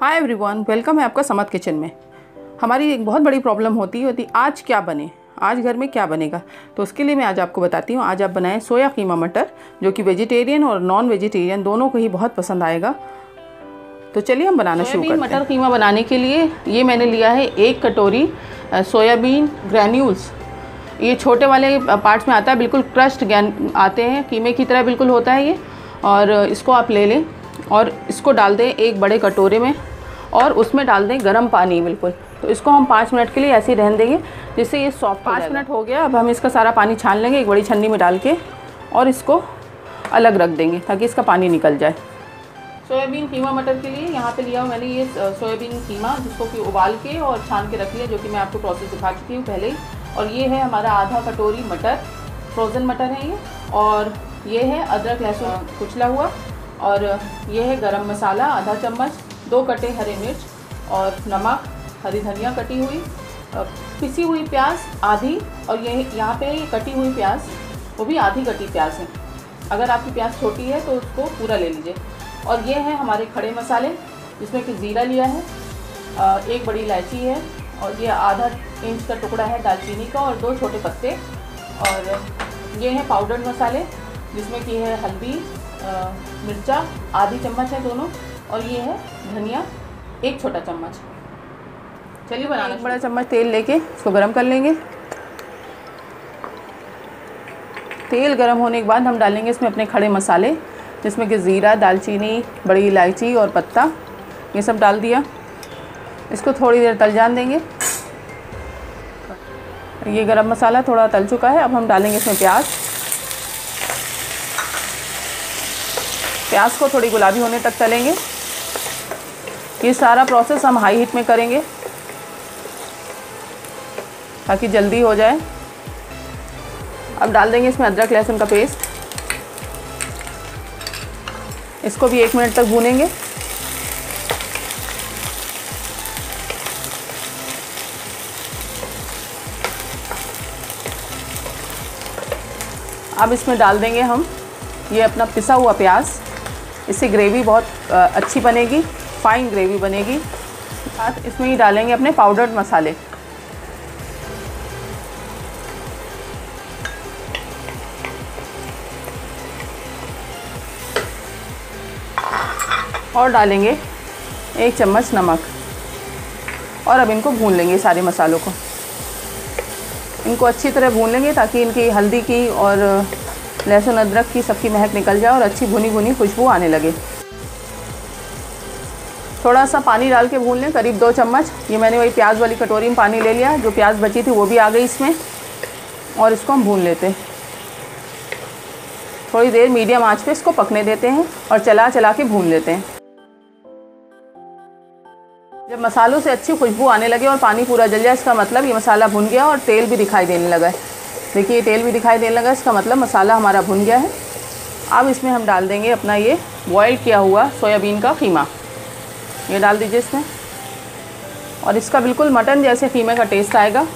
हाय everyone welcome है आपका समत किचन में हमारी एक बहुत बड़ी प्रॉब्लम होती है होती आज क्या बने आज घर में क्या बनेगा तो उसके लिए मैं आज आपको बताती हूँ आज आप बनाएं सोया कीमा मटर जो कि वेजिटेरियन और नॉन वेजिटेरियन दोनों को ही बहुत पसंद आएगा तो चलिए हम बनाना शुरू करते मटर कीमा बनाने के लिए ये मैंने लिया है एक कटोरी सोयाबीन ग्रैन्यूल्स ये छोटे वाले पार्ट्स में आता है बिल्कुल क्रश्ड आते हैं कीमे की तरह बिल्कुल होता है ये और इसको आप ले लें और इसको डाल दें एक बड़े कटोरे में और उसमें डाल दें गर्म पानी बिल्कुल तो इसको हम पाँच मिनट के लिए ऐसे ही रहने देंगे जिससे ये सॉफ्ट पाँच मिनट हो गया अब हम इसका सारा पानी छान लेंगे एक बड़ी छन्नी में डाल के और इसको अलग रख देंगे ताकि इसका पानी निकल जाए सोयाबीन कीमा मटर के लिए यहाँ पे लिया हूँ मैंने ये सोयाबीन कीमा जिसको कि उबाल के और छान के रख लिया जो कि मैं आपको प्रोसेस दिखा चुकी हूँ पहले ही और ये है हमारा आधा कटोरी मटर फ्रोज़न मटर है ये और ये है अदरक लहसुन कुचला हुआ और ये है गरम मसाला आधा चम्मच दो कटे हरे मिर्च और नमक हरी धनिया कटी हुई पिसी हुई प्याज आधी और ये यहाँ पे ये कटी हुई प्याज वो भी आधी कटी प्याज है अगर आपकी प्याज छोटी है तो उसको पूरा ले लीजिए और ये है हमारे खड़े मसाले जिसमें कि ज़ीरा लिया है एक बड़ी इलायची है और ये आधा इंच का टुकड़ा है दालचीनी का और दो छोटे पत्ते और ये हैं पाउडर्ड मसाले जिसमें कि है हल्दी मिर्चा आधी चम्मच है दोनों और ये है धनिया एक छोटा चम्मच चलिए बना एक बड़ा चम्मच तेल लेके इसको गरम कर लेंगे तेल गरम होने के बाद हम डालेंगे इसमें अपने खड़े मसाले जिसमें कि ज़ीरा दालचीनी बड़ी इलायची और पत्ता ये सब डाल दिया इसको थोड़ी देर तल जान देंगे ये गरम मसाला थोड़ा तल चुका है अब हम डालेंगे इसमें प्याज़ प्याज को थोड़ी गुलाबी होने तक तलेंगे ये सारा प्रोसेस हम हाई हीट में करेंगे ताकि जल्दी हो जाए अब डाल देंगे इसमें अदरक लहसुन का पेस्ट इसको भी एक मिनट तक भूनेंगे अब इसमें डाल देंगे हम ये अपना पिसा हुआ प्याज़ इससे ग्रेवी बहुत अच्छी बनेगी फाइन ग्रेवी बनेगी साथ इसमें ही डालेंगे अपने पाउडर्ड मसाले और डालेंगे एक चम्मच नमक और अब इनको भून लेंगे सारे मसालों को इनको अच्छी तरह भून लेंगे ताकि इनकी हल्दी की और लहसुन अदरक की सबकी महक निकल जाए और अच्छी भुनी भुनी खुशबू आने लगे थोड़ा सा पानी डाल के भून लें करीब दो चम्मच ये मैंने वही प्याज वाली कटोरी में पानी ले लिया जो प्याज बची थी वो भी आ गई इसमें और इसको हम भून लेते हैं थोड़ी देर मीडियम आंच पे इसको पकने देते हैं और चला चला के भून लेते हैं जब मसालों से अच्छी खुशबू आने लगे और पानी पूरा जल जाए इसका मतलब ये मसाला भुन गया और तेल भी दिखाई देने लगा है देखिए तेल भी दिखाई देने लगा इसका मतलब मसाला हमारा भुन गया है अब इसमें हम डाल देंगे अपना ये बॉयल किया हुआ सोयाबीन का ख़ीमा ये डाल दीजिए इसमें और इसका बिल्कुल मटन जैसे खीमे का टेस्ट आएगा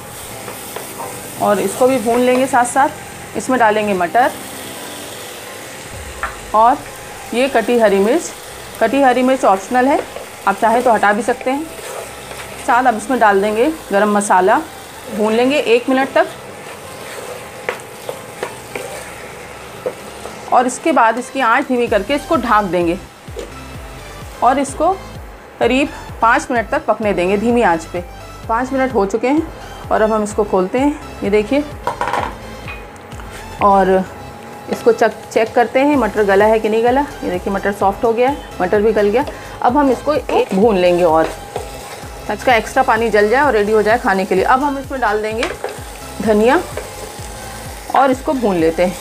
और इसको भी भून लेंगे साथ साथ इसमें डालेंगे मटर और ये कटी हरी मिर्च कटी हरी मिर्च ऑप्शनल है आप चाहे तो हटा भी सकते हैं साथ अब इसमें डाल देंगे गरम मसाला भून लेंगे एक मिनट तक और इसके बाद इसकी आंच धीमी करके इसको ढाँक देंगे और इसको करीब पाँच मिनट तक पकने देंगे धीमी आंच पे पाँच मिनट हो चुके हैं और अब हम इसको खोलते हैं ये देखिए और इसको चक चेक करते हैं मटर गला है कि नहीं गला ये देखिए मटर सॉफ्ट हो गया है मटर भी गल गया अब हम इसको एक भून लेंगे और इसका एक्स्ट्रा पानी जल जाए और रेडी हो जाए खाने के लिए अब हम इसमें डाल देंगे धनिया और इसको भून लेते हैं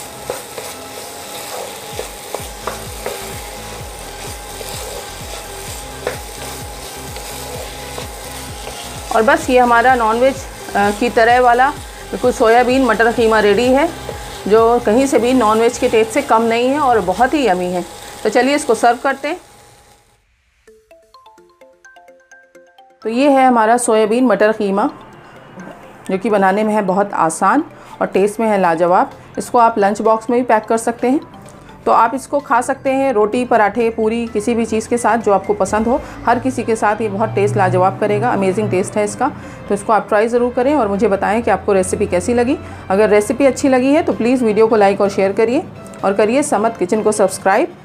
और बस ये हमारा नॉनवेज की तरह वाला बिल्कुल सोयाबीन मटर कीमा रेडी है जो कहीं से भी नॉनवेज के टेस्ट से कम नहीं है और बहुत ही यमी है तो चलिए इसको सर्व करते हैं तो ये है हमारा सोयाबीन मटर कीमा जो कि बनाने में है बहुत आसान और टेस्ट में है लाजवाब इसको आप लंच बॉक्स में भी पैक कर सकते हैं तो आप इसको खा सकते हैं रोटी पराठे पूरी किसी भी चीज़ के साथ जो आपको पसंद हो हर किसी के साथ ये बहुत टेस्ट लाजवाब करेगा अमेजिंग टेस्ट है इसका तो इसको आप ट्राई ज़रूर करें और मुझे बताएं कि आपको रेसिपी कैसी लगी अगर रेसिपी अच्छी लगी है तो प्लीज़ वीडियो को लाइक और शेयर करिए और करिए समत किचन को सब्सक्राइब